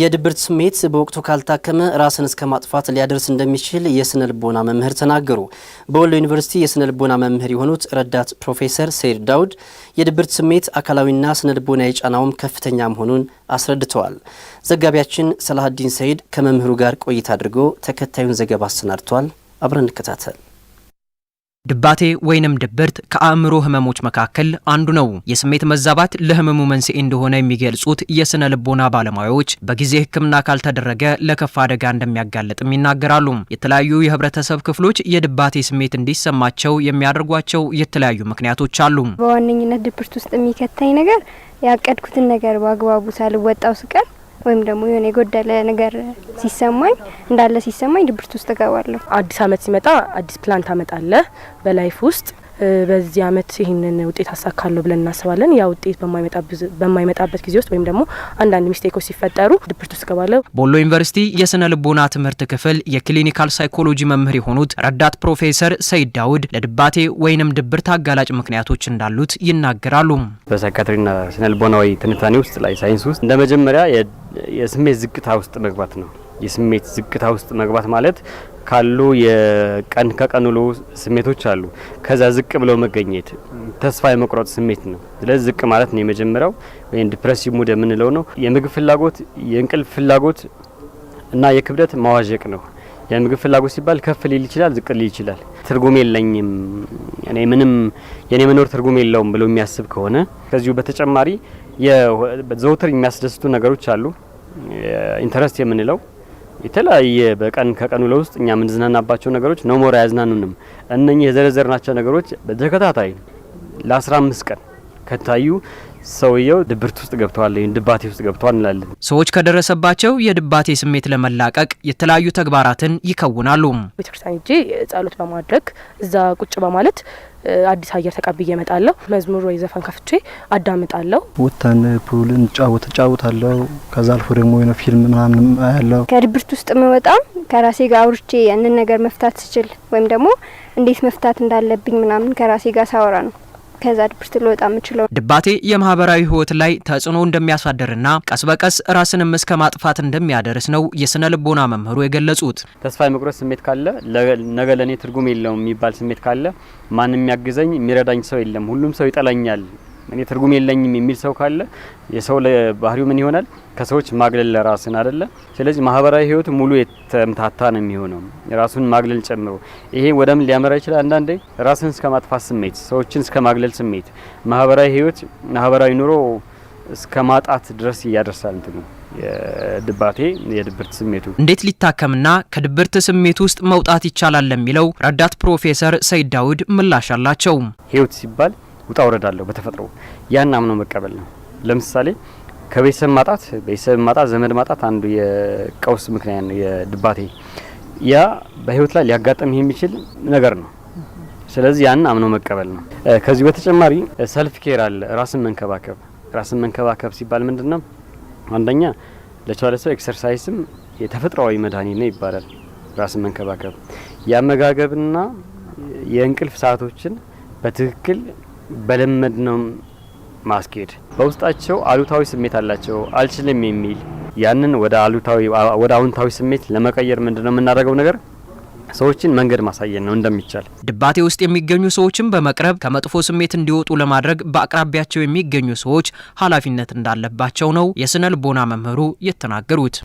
የድብርት ስሜት በወቅቱ ካልታከመ ራስን እስከ ማጥፋት ሊያደርስ እንደሚችል የስነ ልቦና መምህር ተናገሩ። በወሎ ዩኒቨርሲቲ የስነ ልቦና መምህር የሆኑት ረዳት ፕሮፌሰር ሰይድ ዳውድ የድብርት ስሜት አካላዊና ስነ ልቦና የጫናውም ከፍተኛ መሆኑን አስረድተዋል። ዘጋቢያችን ሰላሀዲን ሰይድ ከመምህሩ ጋር ቆይታ አድርጎ ተከታዩን ዘገባ አሰናድቷል። አብረን እንከታተል። ድባቴ ወይንም ድብርት ከአእምሮ ህመሞች መካከል አንዱ ነው። የስሜት መዛባት ለህመሙ መንስኤ እንደሆነ የሚገልጹት የስነ ልቦና ባለሙያዎች በጊዜ ሕክምና ካልተደረገ ለከፋ አደጋ እንደሚያጋለጥም ይናገራሉ። የተለያዩ የህብረተሰብ ክፍሎች የድባቴ ስሜት እንዲሰማቸው የሚያደርጓቸው የተለያዩ ምክንያቶች አሉ። በዋነኝነት ድብርት ውስጥ የሚከታኝ ነገር ያቀድኩትን ነገር በአግባቡ ሳልወጣው ስቀር ወይም ደግሞ የሆነ የጎደለ ነገር ሲሰማኝ እንዳለ ሲሰማኝ ድብርት ውስጥ እገባለሁ። አዲስ አመት ሲመጣ አዲስ ፕላን ታመጣለህ በላይፍ ውስጥ በዚህ አመት ይህንን ውጤት አሳካለሁ ብለን እናስባለን። ያ ውጤት በማይመጣበት ጊዜ ውስጥ ወይም ደግሞ አንዳንድ ሚስቴኮች ሲፈጠሩ ድብርት ውስጥ ገባለሁ። ቦሎ ዩኒቨርሲቲ የስነ ልቦና ትምህርት ክፍል የክሊኒካል ሳይኮሎጂ መምህር የሆኑት ረዳት ፕሮፌሰር ሰይድ ዳውድ ለድባቴ ወይንም ድብርት አጋላጭ ምክንያቶች እንዳሉት ይናገራሉ። በሳይካትሪና ስነ ልቦናዊ ትንታኔ ውስጥ ላይ ሳይንስ ውስጥ እንደ መጀመሪያ የስሜት ዝቅታ ውስጥ መግባት ነው። የስሜት ዝቅታ ውስጥ መግባት ማለት ካሉ የቀን ከቀን ውሎ ስሜቶች አሉ። ከዛ ዝቅ ብለው መገኘት ተስፋ የመቁረጥ ስሜት ነው። ስለዚህ ዝቅ ማለት ነው የመጀመሪያው፣ ወይም ዲፕሬሲቭ ሙድ የምንለው ነው። የምግብ ፍላጎት፣ የእንቅልፍ ፍላጎት እና የክብደት ማዋዠቅ ነው። የምግብ ፍላጎት ሲባል ከፍ ሊል ይችላል፣ ዝቅ ሊል ይችላል። ትርጉም የለኝም እኔ ምንም የኔ መኖር ትርጉም የለውም ብሎ የሚያስብ ከሆነ ከዚሁ በተጨማሪ ዘውትር የሚያስደስቱ ነገሮች አሉ ኢንተረስት የምንለው የተለያየ በቀን ከቀን ለውስጥ ውስጥ እኛ የምንዝናናባቸው ነገሮች ነው ሞር አያዝናኑንም። እነኚህ የዘረዘርናቸው ነገሮች በተከታታይ ለ15 ቀን ከታዩ ሰውየው ድብርት ውስጥ ገብተዋል ወይም ድባቴ ውስጥ ገብተዋል እንላለን። ሰዎች ከደረሰባቸው የድባቴ ስሜት ለመላቀቅ የተለያዩ ተግባራትን ይከውናሉ። ቤተክርስቲያን ሄጄ ጸሎት በማድረግ እዛ ቁጭ በማለት አዲስ አየር ተቀብዬ እመጣለሁ። መዝሙር ወይ ዘፈን ከፍቼ አዳምጣለሁ። ወጥተን ፑል እንጫወት እጫወታለሁ። ከዛ አልፎ ደግሞ የሆነ ፊልም ምናምን አያለሁ። ከድብርት ውስጥ የምወጣ ከራሴ ጋር አውርቼ ያንን ነገር መፍታት ስችል ወይም ደግሞ እንዴት መፍታት እንዳለብኝ ምናምን ከራሴ ጋር ሳወራ ነው። ከዛ ድብርት ልወጣ የምችለው። ድባቴ የማህበራዊ ህይወት ላይ ተጽዕኖ እንደሚያሳድርና ቀስ በቀስ ራስንም እስከ ማጥፋት እንደሚያደርስ ነው የስነ ልቦና መምህሩ የገለጹት። ተስፋ የመቁረጥ ስሜት ካለ፣ ነገ ለእኔ ትርጉም የለውም የሚባል ስሜት ካለ፣ ማንም የሚያግዘኝ የሚረዳኝ ሰው የለም፣ ሁሉም ሰው ይጠላኛል እኔ ትርጉም የለኝም የሚል ሰው ካለ የሰው ለባህሪው ምን ይሆናል? ከሰዎች ማግለል ለራስን አደለ። ስለዚህ ማህበራዊ ህይወት ሙሉ የተምታታ ነው የሚሆነው ራሱን ማግለል ጨምሮ። ይሄ ምን ሊያመራ ይችላል። አንዳንዴ ራስን እስከ ማጥፋት ስሜት፣ ሰዎችን እስከ ማግለል ስሜት፣ ማህበራዊ ህይወት፣ ማህበራዊ ኑሮ እስከ ማጣት ድረስ እያደርሳል እንትኑ የድባቴ የድብርት ስሜቱ እንዴት ሊታከምና ከድብርት ስሜት ውስጥ መውጣት ይቻላል ለሚለው ረዳት ፕሮፌሰር ሰይድ ዳውድ ምላሽ አላቸው። ህይወት ሲባል ውጣ ውረድ አለው በተፈጥሮ ያን አምኖ መቀበል ነው። ለምሳሌ ከቤተሰብ ማጣት ቤተሰብ ማጣት፣ ዘመድ ማጣት አንዱ የቀውስ ምክንያት ነው፣ የድባቴ ያ በህይወት ላይ ሊያጋጥም የሚችል ነገር ነው። ስለዚህ ያን አምኖ መቀበል ነው። ከዚህ በተጨማሪ ሰልፍ ኬር አለ፣ ራስን መንከባከብ። ራስን መንከባከብ ሲባል ምንድን ነው? አንደኛ ለቻለ ሰው ኤክሰርሳይስም የተፈጥሯዊ መድኃኒት ነው ይባላል። ራስን መንከባከብ የአመጋገብና የእንቅልፍ ሰዓቶችን በትክክል በለመድ ነው ማስኬድ። በውስጣቸው አሉታዊ ስሜት አላቸው፣ አልችልም የሚል ያንን ወደ አሉታዊ ወደ አዎንታዊ ስሜት ለመቀየር ምንድነው የምናደርገው ነገር ሰዎችን መንገድ ማሳየት ነው እንደሚቻል። ድባቴ ውስጥ የሚገኙ ሰዎችን በመቅረብ ከመጥፎ ስሜት እንዲወጡ ለማድረግ በአቅራቢያቸው የሚገኙ ሰዎች ኃላፊነት እንዳለባቸው ነው የስነ ልቦና መምህሩ የተናገሩት።